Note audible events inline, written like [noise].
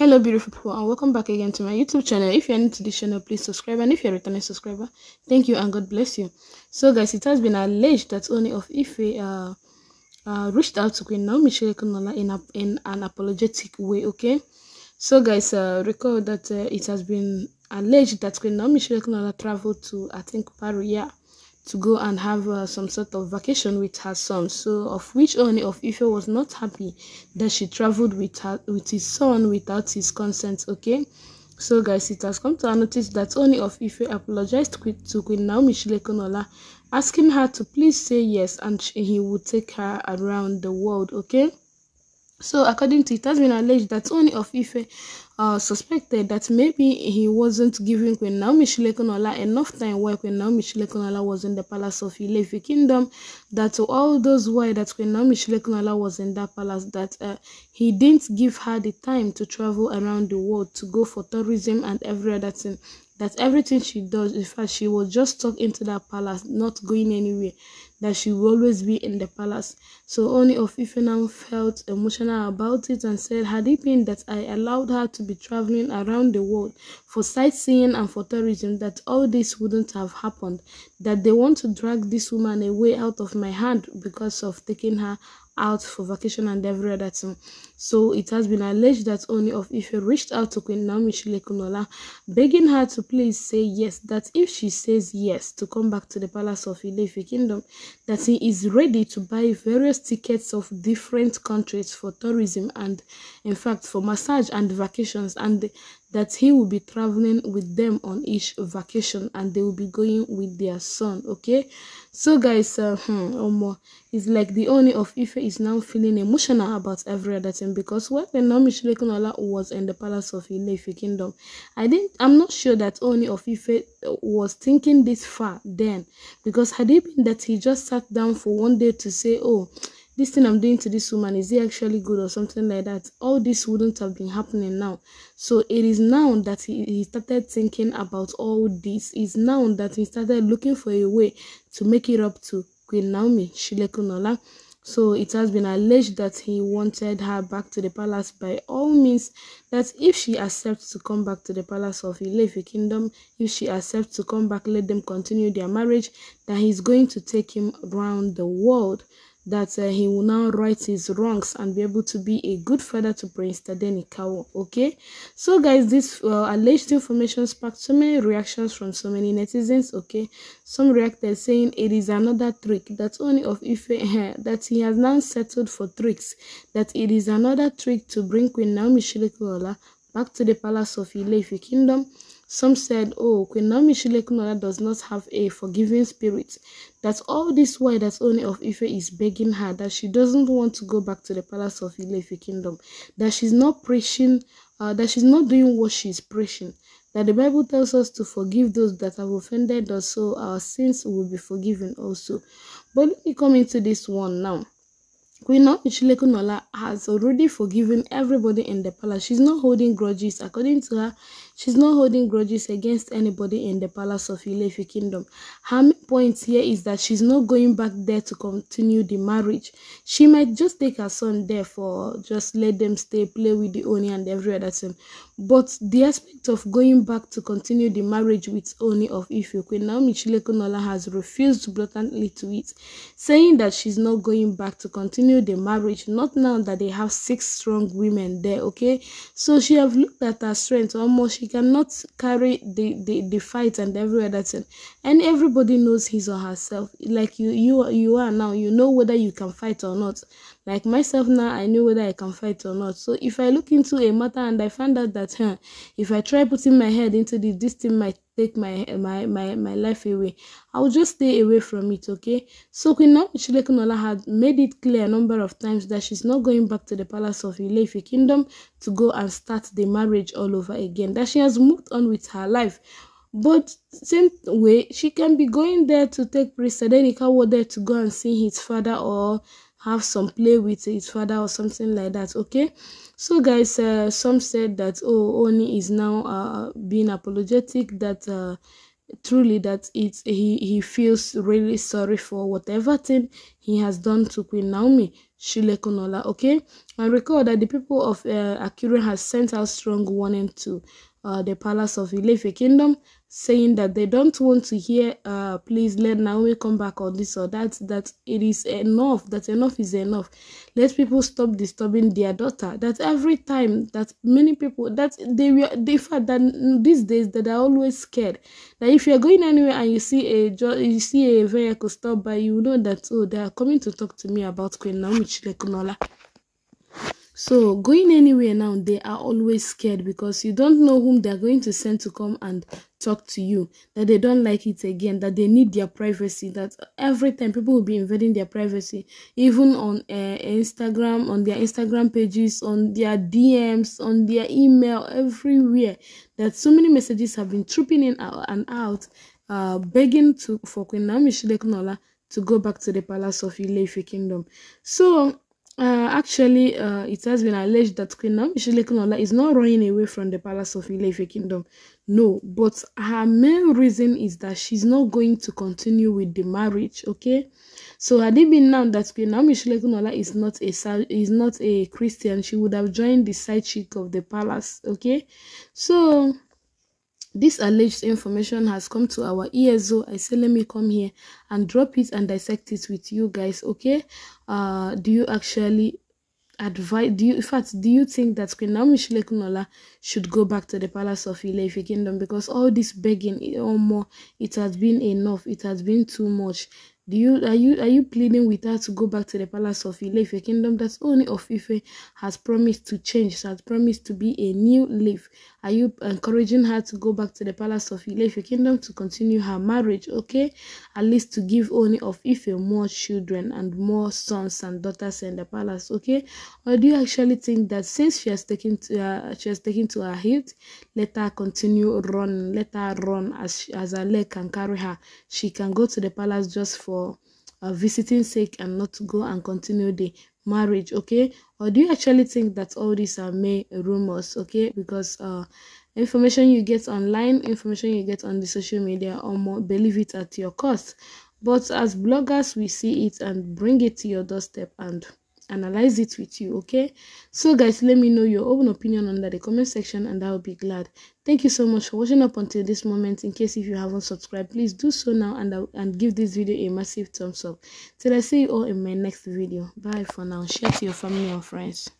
hello beautiful people and welcome back again to my youtube channel if you're new to this channel please subscribe and if you're a returning subscriber thank you and god bless you so guys it has been alleged that only of ife uh, uh, reached out to queen naomi Shirekunola in, a, in an apologetic way okay so guys uh, recall that uh, it has been alleged that queen naomi Shirekunola traveled to i think paru yeah to go and have uh, some sort of vacation with her son. So, of which only of Ife was not happy that she traveled with her with his son without his consent. Okay. So, guys, it has come to our notice that only of Ife apologized to Queen Naomi Shilekonola, asking her to please say yes and she, he would take her around the world. Okay. So, according to it, it has been alleged that only of Ife uh, suspected that maybe he wasn't giving Queen Naomi Shilekonola enough time while Queen Naomi Shilekonola was in the palace of Ilefi Kingdom, that all those while that Queen Naomi Shilekonola was in that palace, that uh, he didn't give her the time to travel around the world to go for tourism and every other thing. That everything she does, in fact, she was just stuck into that palace, not going anywhere that she will always be in the palace. So Oni of felt emotional about it and said, Had it been that I allowed her to be traveling around the world for sightseeing and for tourism, that all this wouldn't have happened. That they want to drag this woman away out of my hand because of taking her out for vacation and every other thing. So it has been alleged that only of he reached out to Queen Naomi Shilekunola, begging her to please say yes, that if she says yes to come back to the palace of Ilefi Kingdom, that he is ready to buy various tickets of different countries for tourism and, in fact, for massage and vacations. And that he will be traveling with them on each vacation and they will be going with their son okay so guys uh, hmm, um, it's like the only of ife is now feeling emotional about every other thing because what the Naomi Shilekunala was in the palace of Ilefi kingdom i didn't i'm not sure that only of ife uh, was thinking this far then because had it been that he just sat down for one day to say oh this thing I'm doing to this woman, is it actually good or something like that? All this wouldn't have been happening now. So it is now that he, started thinking about all this. It's now that he started looking for a way to make it up to Queen Naomi Shilekunola. So it has been alleged that he wanted her back to the palace by all means, that if she accepts to come back to the palace of Ilefi kingdom, if she accepts to come back, let them continue their marriage, that he's going to take him around the world that uh, he will now right his wrongs and be able to be a good father to Prince Tade Nikawo. Okay, so guys, this uh, alleged information sparked so many reactions from so many netizens. Okay, some reacted saying it is another trick that only of Ife [laughs] eh, that he has now settled for tricks, that it is another trick to bring Queen Naomi Shilikuola back to the palace of Ile Ife Kingdom. Some said, Oh, Queen Naomi does not have a forgiving spirit. That's all this why that only of Ife is begging her, that she doesn't want to go back to the palace of Ilefi kingdom, that she's not preaching, uh, that she's not doing what she's preaching, that the Bible tells us to forgive those that have offended us, so our sins will be forgiven also. But let me come into this one now. Queen Ichilekunola has already forgiven everybody in the palace. She's not holding grudges. According to her, She's not holding grudges against anybody in the palace of Ilefi kingdom. Her point here is that she's not going back there to continue the marriage. She might just take her son there for just let them stay, play with the Oni and every other thing. But the aspect of going back to continue the marriage with Oni of Ife, Queen Naomi Nola has refused blatantly to it, saying that she's not going back to continue the marriage, not now that they have six strong women there, okay? So she have looked at her strength almost she cannot carry the, the, the fight and every other thing. And everybody knows his or herself. Like you you you are now, you know whether you can fight or not. Like myself now, I know whether I can fight or not. So if I look into a matter and I find out that huh, if I try putting my head into this, this thing might take my my my, my life away i'll just stay away from it okay so queen Naomi had made it clear a number of times that she's not going back to the palace of Ilefi kingdom to go and start the marriage all over again that she has moved on with her life but same way she can be going there to take priest Adenika there to go and see his father or have some play with his father or something like that okay so guys uh, some said that oh oni is now uh, being apologetic that uh, truly that it he he feels really sorry for whatever thing he has done to queen naomi shilekonola okay I recall that the people of uh, akure has sent out strong warning to uh, the palace of Ilefe Kingdom, saying that they don't want to hear, uh, please let Naomi come back on this or that, that it is enough, that enough is enough. Let people stop disturbing their daughter. That every time that many people, that they were, the fact that these days that are always scared, that if you're going anywhere and you see a you see a vehicle stop by, you know that, oh, they are coming to talk to me about Queen Naomi Chilekunola. So going anywhere now, they are always scared because you don't know whom they are going to send to come and talk to you, that they don't like it again, that they need their privacy, that every time people will be invading their privacy, even on uh, Instagram, on their Instagram pages, on their DMs, on their email, everywhere, that so many messages have been trooping in and out, uh, begging to for Queen Naomi to go back to the palace of Ilefi Kingdom. So uh, actually, uh, it has been alleged that Queen Namishile Kunola is not running away from the palace of Ilefe Kingdom. No, but her main reason is that she's not going to continue with the marriage, okay? So had it been known that Queen Namishile Kunola is not a is not a Christian, she would have joined the side chick of the palace, okay? So this alleged information has come to our ears, so I say let me come here and drop it and dissect it with you guys, okay? Uh, do you actually advise, do you, in fact, do you think that Queen Naomi Shilekunola should go back to the palace of Ilefi Kingdom? Because all this begging, eh, or more, it has been enough, it has been too much. Do you are you are you pleading with her to go back to the palace of Ife, kingdom that only of Ife has promised to change, has promised to be a new leaf? Are you encouraging her to go back to the palace of Ife, kingdom to continue her marriage? Okay, at least to give only of Ife more children and more sons and daughters in the palace. Okay, or do you actually think that since she has taken to her, uh, she has taken to her heat, let her continue run, let her run as as her leg can carry her. She can go to the palace just for for uh, visiting sake and not go and continue the marriage okay or do you actually think that all these are mere rumors okay because uh information you get online information you get on the social media or more believe it at your cost but as bloggers we see it and bring it to your doorstep and analyze it with you okay so guys let me know your own opinion under the comment section and i'll be glad thank you so much for watching up until this moment in case if you haven't subscribed please do so now and and give this video a massive thumbs up till i see you all in my next video bye for now share to your family and friends